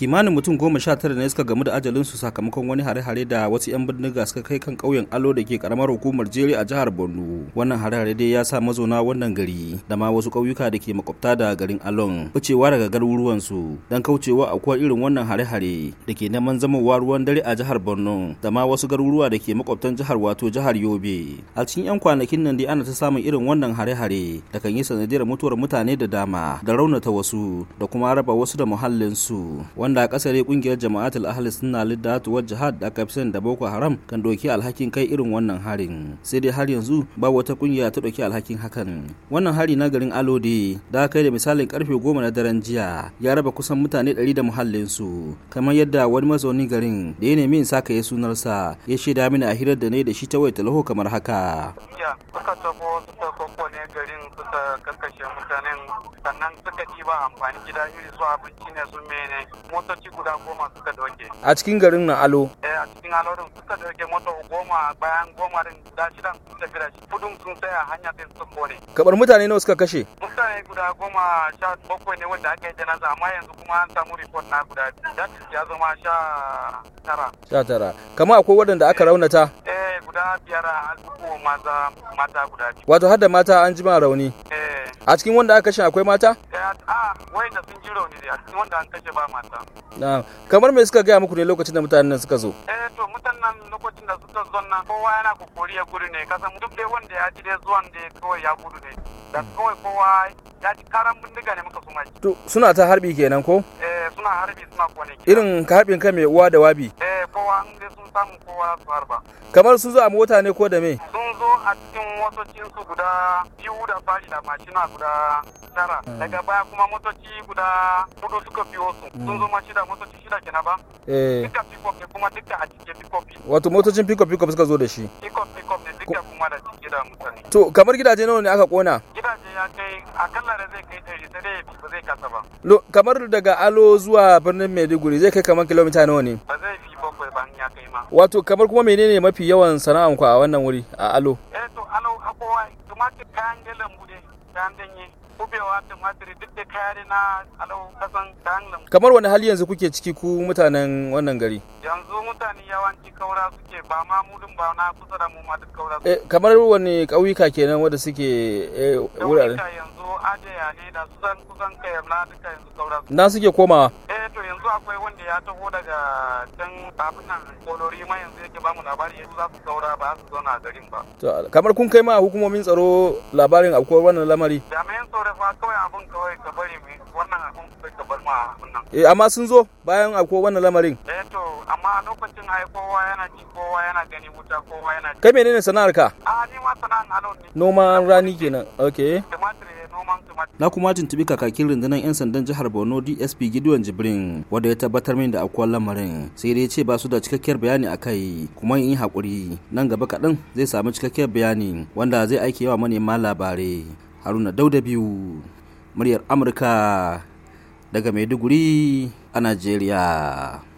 kimanin mutum goma sha tara ne suka gamu da ajalinsu sakamakon wani hare-hare da wasu 'yan bindiga suka kai kan ƙauyen alo da ke karamar hukumar jere a jihar borno wannan hare-hare dai ya sa mazauna wannan gari da ma wasu ƙauyuka da ke makwabta da garin alon wucewa daga garuruwansu don kaucewa akwai irin wannan hare-hare da ke neman zamowa ruwan dare a jihar borno da ma wasu garuruwa da ke makwabtan jihar wato jihar yobe a cikin 'yan kwanakin nan dai ana ta samun irin wannan hare-hare da kan yi sanadiyar mutuwar mutane da dama da raunata wasu da kuma raba wasu da muhallinsu wanda kasare kungiyar jama'atul ahli sunna liddat wa jihad da aka fi da boko haram kan doki alhakin kai irin wannan harin sai dai har yanzu ba wata kungiya ta doki alhakin hakan wannan hari na garin alode da kai da misalin karfe 10 na daren jiya ya raba kusan mutane 100 da su kamar yadda wani mazaunin garin da ya nemi in saka ya sa ya shaida mini a hirar da ne da shi ta wai talaho kamar haka. suka tabo suka ne garin suka mutanen sannan suka ba amfani gida iri su abinci ne su mene motoci guda goma suka doke. A cikin garin na Alo? Eh a cikin Alo din suka doke moto goma bayan goma din guda shidan sun tafi da shi kudin sun tsaya hanya din sun kone. Kabar mutane nawa suka kashe? Mutane guda goma sha bakwai ne wanda aka yi janaza amma yanzu kuma an samu report na guda biyu ya zama sha tara. Sha tara. Kama akwai waɗanda aka raunata? Eh guda biyar a maza mata guda biyu. Wato har da mata an ji ma rauni? Eh. A cikin wanda aka kashe akwai mata? ya a da sun ji rauni a cikin wanda an kashe ba mata na'am kamar me suka gaya muku ne lokacin da mutanen suka zo eh to mutanen lokacin da suka zo nan kowa yana kokori ya gudu ne kasan duk dai wanda ya ji dai zuwan dai kawai ya gudu ne da kawai kowa ya ji karan bindiga ne muka suma to suna ta harbi kenan ko eh suna harbi suna kone irin ka harbin kai mai uwa da wabi eh samu kowa su harba kamar sun zo a mota ne ko da me sun zo a cikin motocin su guda biyu da fari da mashina guda tara hmm. daga baya kuma motoci guda hudu suka biyo su hmm. sun zo mashi da motoci shida kina ba eh duka pikop ne kuma duka a cikin pikop. wato motocin pikop pikop suka zo da shi pikop pikop ne duka kuma da cike da mutane to kamar gidaje nawa ne aka kona gidaje ya kai akalla da zai kai ɗari sai dai ba zai kasa ba kamar daga alo zuwa birnin maiduguri zai kai kamar kilomita nawa ne ba zai wato kamar kuma menene mafi yawan sana'an ku a wannan wuri a alo eh to alo tumatir kayan lambu kayan danye kubewa tumatir duk da na kasan kayan lambu kamar wani hali yanzu kuke ciki ku mutanen wannan gari yanzu mutane yawanci kaura suke ba ma mudun ba na kusa da mu ma duk kaura eh kamar wani ƙauyuka kenan wanda suke eh wurare yanzu ajiya ne da su san kusan kayan na duka yanzu kaura na suke komawa eh to yanzu akwai wanda ya taho daga can tafunan kolori ma yanzu yake bamu labari yanzu za su saura ba su zauna garin ba. To kamar kun kai ma hukumomin tsaro labarin akwai wannan lamari. jami'an tsaro fa kawai abin kawai ka bari mu wannan abin kawai ka bar ma wannan. eh amma sun zo bayan akwai wannan lamarin. eh to amma lokacin ai kowa yana ji kowa yana gani wuta kowa yana. kai menene sana'ar ka. a ah, ni ma sana'ar halon ne. noman rani kenan okay. tumatir na kuma tuntubi kakakin rundunar 'yan sandan jihar borno dsp gideon jibrin wanda ya tabbatar min da akwai lamarin sai dai ce ba su da cikakkiyar bayani a kai kuma in yi hakuri nan gaba kaɗan zai samu cikakkiyar bayani wanda zai aiki yawa manema labarai haruna dauda biyu muryar amurka daga maiduguri a najeriya